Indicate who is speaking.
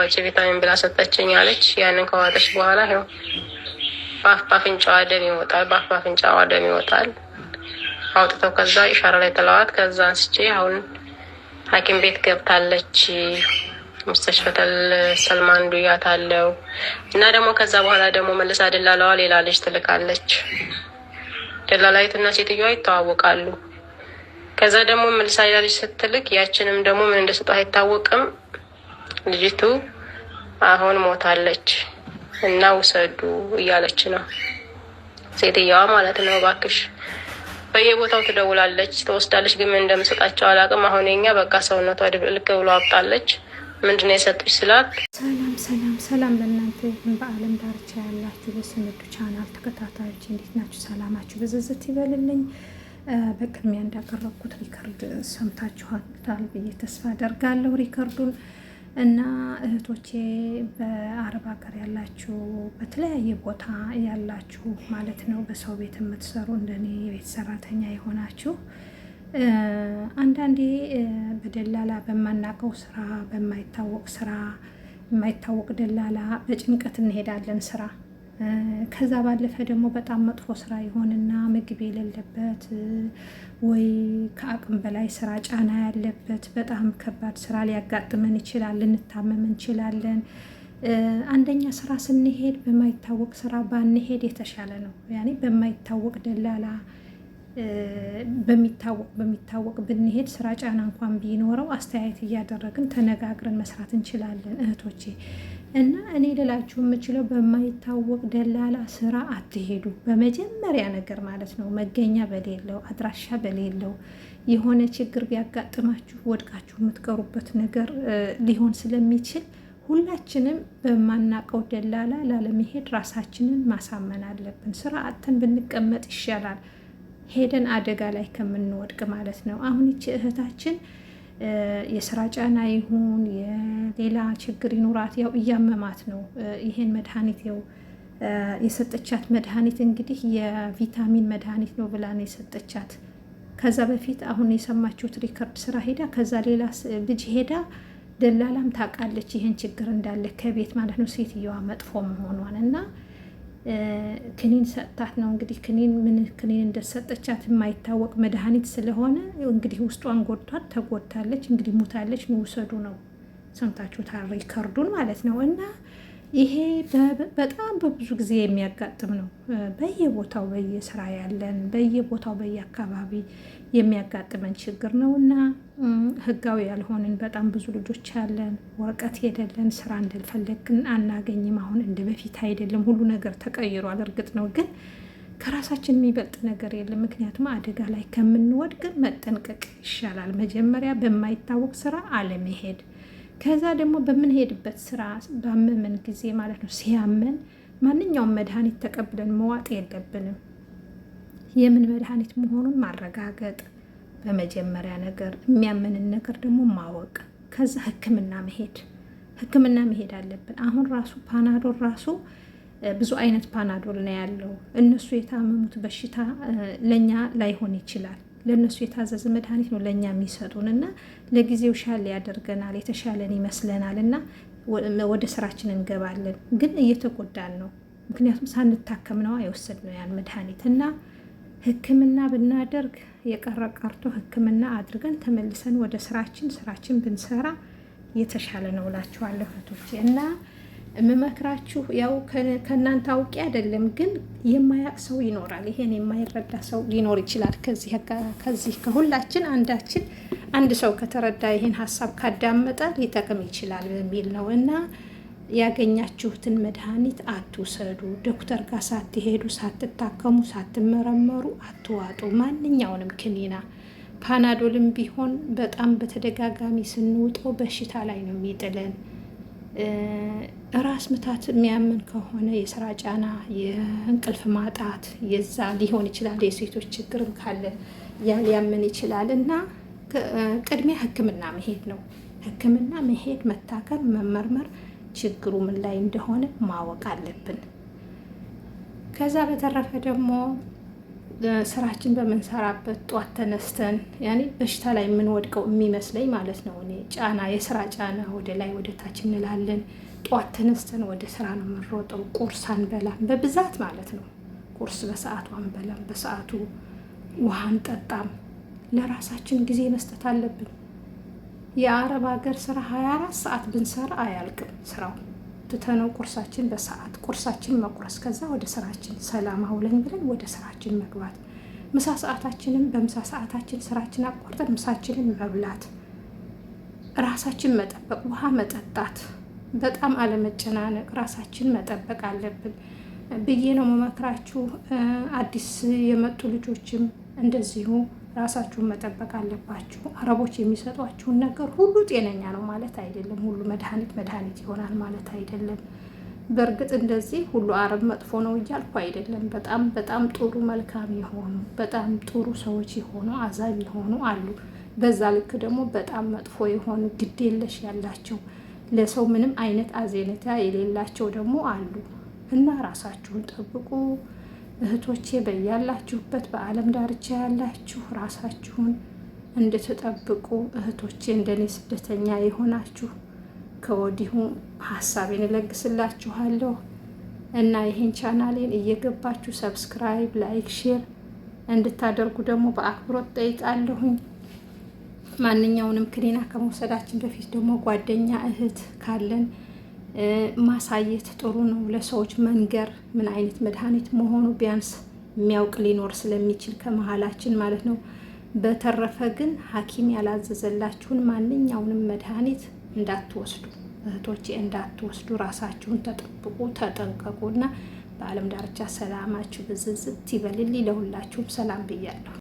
Speaker 1: ዋጭ ቪታሚን ብላ ሰጠችኝ አለች። ያንን ከዋጠች በኋላ ይኸው በአፍ በአፍንጫዋ ደም ይወጣል፣ በአፍ በአፍንጫዋ ደም ይወጣል። አውጥተው ከዛ ኢሻራ ላይ ጥለዋት፣ ከዛ አንስቼ አሁን ሐኪም ቤት ገብታለች። ምስተሽፈተል ሰልማን ዱያት አለው እና ደግሞ ከዛ በኋላ ደግሞ መልሳ ደላለዋ ሌላ ልጅ ትልካለች። ደላላዊትና ሴትዮዋ ይተዋወቃሉ። ከዛ ደግሞ መልሳ ሌላ ልጅ ስትልክ ያችንም ደግሞ ምን እንደሰጠ አይታወቅም። ልጅቱ አሁን ሞታለች እና ውሰዱ እያለች ነው ሴትየዋ ማለት ነው። እባክሽ በየቦታው ትደውላለች፣ ትወስዳለች፣ ግን ምን እንደምሰጣቸው አላውቅም። አሁን የኛ በቃ ሰውነቷ ልክ ብሎ አብጣለች። ምንድነው የሰጡች ስላት፣
Speaker 2: ሰላም ሰላም ሰላም በእናንተ ይሁን በአለም ዳርቻ ያላችሁ በስምዱ ቻናል ተከታታዮች እንዴት ናችሁ? ሰላማችሁ ብዝዝት ይበልልኝ። በቅድሚያ እንዳቀረብኩት ሪከርድ ሰምታችኋል ብዬ ተስፋ አደርጋለሁ ሪከርዱን እና እህቶቼ በአረብ ሀገር ያላችሁ በተለያየ ቦታ ያላችሁ ማለት ነው፣ በሰው ቤት የምትሰሩ እንደኔ የቤት ሰራተኛ የሆናችሁ አንዳንዴ በደላላ በማናውቀው ስራ፣ በማይታወቅ ስራ፣ የማይታወቅ ደላላ በጭንቀት እንሄዳለን ስራ ከዛ ባለፈ ደግሞ በጣም መጥፎ ስራ ይሆንና ምግብ የሌለበት ወይ ከአቅም በላይ ስራ ጫና ያለበት በጣም ከባድ ስራ ሊያጋጥመን ይችላል። ልንታመም እንችላለን። አንደኛ ስራ ስንሄድ በማይታወቅ ስራ ባንሄድ የተሻለ ነው። ያኔ በማይታወቅ ደላላ በሚታወቅ በሚታወቅ ብንሄድ ስራ ጫና እንኳን ቢኖረው አስተያየት እያደረግን ተነጋግረን መስራት እንችላለን እህቶቼ። እና እኔ ልላችሁ የምችለው በማይታወቅ ደላላ ስራ አትሄዱ። በመጀመሪያ ነገር ማለት ነው መገኛ በሌለው አድራሻ በሌለው የሆነ ችግር ቢያጋጥማችሁ ወድቃችሁ የምትቀሩበት ነገር ሊሆን ስለሚችል ሁላችንም በማናቀው ደላላ ላለመሄድ ራሳችንን ማሳመን አለብን። ስራ አጥተን ብንቀመጥ ይሻላል። ሄደን አደጋ ላይ ከምንወድቅ ማለት ነው። አሁን ይቺ እህታችን የስራ ጫና ይሁን የሌላ ችግር ይኑራት፣ ያው እያመማት ነው። ይሄን መድኃኒት ያው የሰጠቻት መድኃኒት እንግዲህ የቪታሚን መድኃኒት ነው ብላ ነው የሰጠቻት። ከዛ በፊት አሁን የሰማችሁት ሪከርድ ስራ ሄዳ ከዛ ሌላ ልጅ ሄዳ ደላላም ታውቃለች ይህን ችግር እንዳለ ከቤት ማለት ነው ሴትየዋ መጥፎ መሆኗን እና ክኒን ሰጥታት ነው እንግዲህ ክኒን ምን ክኒን እንደሰጠቻት የማይታወቅ መድኃኒት ስለሆነ እንግዲህ ውስጧን ጎድቷት ተጎድታለች። እንግዲህ ሙታለች። ሚውሰዱ ነው ታሪ ከርዱን ማለት ነው እና ይሄ በጣም በብዙ ጊዜ የሚያጋጥም ነው። በየቦታው በየስራ ያለን በየቦታው በየአካባቢ የሚያጋጥመን ችግር ነው እና ህጋዊ ያልሆንን በጣም ብዙ ልጆች ያለን ወረቀት የሌለን ስራ እንደፈለግን አናገኝም። አሁን እንደ በፊት አይደለም፣ ሁሉ ነገር ተቀይሯል። እርግጥ ነው ግን ከራሳችን የሚበልጥ ነገር የለም። ምክንያቱም አደጋ ላይ ከምንወድቅ መጠንቀቅ ይሻላል። መጀመሪያ በማይታወቅ ስራ አለመሄድ ከዛ ደግሞ በምንሄድበት ስራ ባመመን ጊዜ ማለት ነው ሲያመን ማንኛውም መድኃኒት ተቀብለን መዋጥ የለብንም። የምን መድኃኒት መሆኑን ማረጋገጥ በመጀመሪያ ነገር፣ የሚያመንን ነገር ደግሞ ማወቅ፣ ከዛ ህክምና መሄድ ህክምና መሄድ አለብን። አሁን ራሱ ፓናዶል ራሱ ብዙ አይነት ፓናዶል ነው ያለው። እነሱ የታመሙት በሽታ ለእኛ ላይሆን ይችላል። ለእነሱ የታዘዘ መድኃኒት ነው ለእኛ የሚሰጡን እና ለጊዜው ሻል ያደርገናል፣ የተሻለን ይመስለናል እና ወደ ስራችን እንገባለን። ግን እየተጎዳን ነው። ምክንያቱም ሳንታከም ነዋ የወሰድነው ያን መድኃኒት እና ሕክምና ብናደርግ የቀረ ቀርቶ ሕክምና አድርገን ተመልሰን ወደ ስራችን ስራችን ብንሰራ የተሻለ ነው እላችኋለሁ እህቶቼ እና የምመክራችሁ ያው ከእናንተ አውቂ አይደለም፣ ግን የማያቅ ሰው ይኖራል። ይሄን የማይረዳ ሰው ሊኖር ይችላል። ከዚህ ከሁላችን አንዳችን አንድ ሰው ከተረዳ ይህን ሀሳብ ካዳመጠ ሊጠቅም ይችላል በሚል ነው እና ያገኛችሁትን መድኃኒት አትውሰዱ። ዶክተር ጋር ሳትሄዱ፣ ሳትታከሙ፣ ሳትመረመሩ አትዋጡ። ማንኛውንም ክኒና ፓናዶልም ቢሆን በጣም በተደጋጋሚ ስንውጠው በሽታ ላይ ነው የሚጥለን። ራስ ምታት የሚያምን ከሆነ የስራ ጫና፣ የእንቅልፍ ማጣት የዛ ሊሆን ይችላል። የሴቶች ችግርም ካለ ያ ሊያምን ይችላል እና ቅድሚያ ሕክምና መሄድ ነው። ሕክምና መሄድ፣ መታከም፣ መመርመር ችግሩ ምን ላይ እንደሆነ ማወቅ አለብን። ከዛ በተረፈ ደግሞ ስራችን በምንሰራበት ጧት ተነስተን ያኔ በሽታ ላይ የምንወድቀው የሚመስለኝ ማለት ነው። እኔ ጫና የስራ ጫና ወደ ላይ ወደ ታች እንላለን። ጧት ተነስተን ወደ ስራ ነው የምንሮጠው። ቁርስ አንበላም በብዛት ማለት ነው። ቁርስ በሰዓቱ አንበላም፣ በሰዓቱ ውሃ አንጠጣም። ለራሳችን ጊዜ መስጠት አለብን። የአረብ ሀገር ስራ ሀያ አራት ሰዓት ብንሰራ አያልቅም ስራው ትተነው ቁርሳችን በሰዓት ቁርሳችን መቁረስ፣ ከዛ ወደ ስራችን ሰላም አውለን ብለን ወደ ስራችን መግባት፣ ምሳ ሰዓታችንም በምሳ ሰዓታችን ስራችን አቋርጠን ምሳችንን መብላት፣ ራሳችን መጠበቅ፣ ውሃ መጠጣት፣ በጣም አለመጨናነቅ፣ ራሳችን መጠበቅ አለብን ብዬ ነው መመክራችሁ። አዲስ የመጡ ልጆችም እንደዚሁ ራሳችሁን መጠበቅ አለባችሁ። አረቦች የሚሰጧችሁን ነገር ሁሉ ጤነኛ ነው ማለት አይደለም። ሁሉ መድኃኒት መድኃኒት ይሆናል ማለት አይደለም። በእርግጥ እንደዚህ ሁሉ አረብ መጥፎ ነው እያልኩ አይደለም። በጣም በጣም ጥሩ መልካም የሆኑ በጣም ጥሩ ሰዎች የሆኑ አዛብ የሆኑ አሉ። በዛ ልክ ደግሞ በጣም መጥፎ የሆኑ ግዴለሽ ያላቸው ለሰው ምንም አይነት አዜነታ የሌላቸው ደግሞ አሉ እና ራሳችሁን ጠብቁ። እህቶቼ በያላችሁበት በዓለም ዳርቻ ያላችሁ ራሳችሁን እንድትጠብቁ እህቶቼ እንደኔ ስደተኛ የሆናችሁ ከወዲሁ ሀሳቤን እለግስላችኋለሁ እና ይህን ቻናሌን እየገባችሁ ሰብስክራይብ፣ ላይክ፣ ሼር እንድታደርጉ ደግሞ በአክብሮት ጠይቃለሁኝ። ማንኛውንም ክኒና ከመውሰዳችን በፊት ደግሞ ጓደኛ እህት ካለን ማሳየት ጥሩ ነው። ለሰዎች መንገር ምን አይነት መድኃኒት መሆኑ ቢያንስ የሚያውቅ ሊኖር ስለሚችል ከመሀላችን ማለት ነው። በተረፈ ግን ሐኪም ያላዘዘላችሁን ማንኛውንም መድኃኒት እንዳትወስዱ እህቶቼ፣ እንዳትወስዱ ራሳችሁን ተጠብቁ፣ ተጠንቀቁ እና በዓለም ዳርቻ ሰላማችሁ ብዝዝት ይበልልኝ። ለሁላችሁም ሰላም ብያለሁ።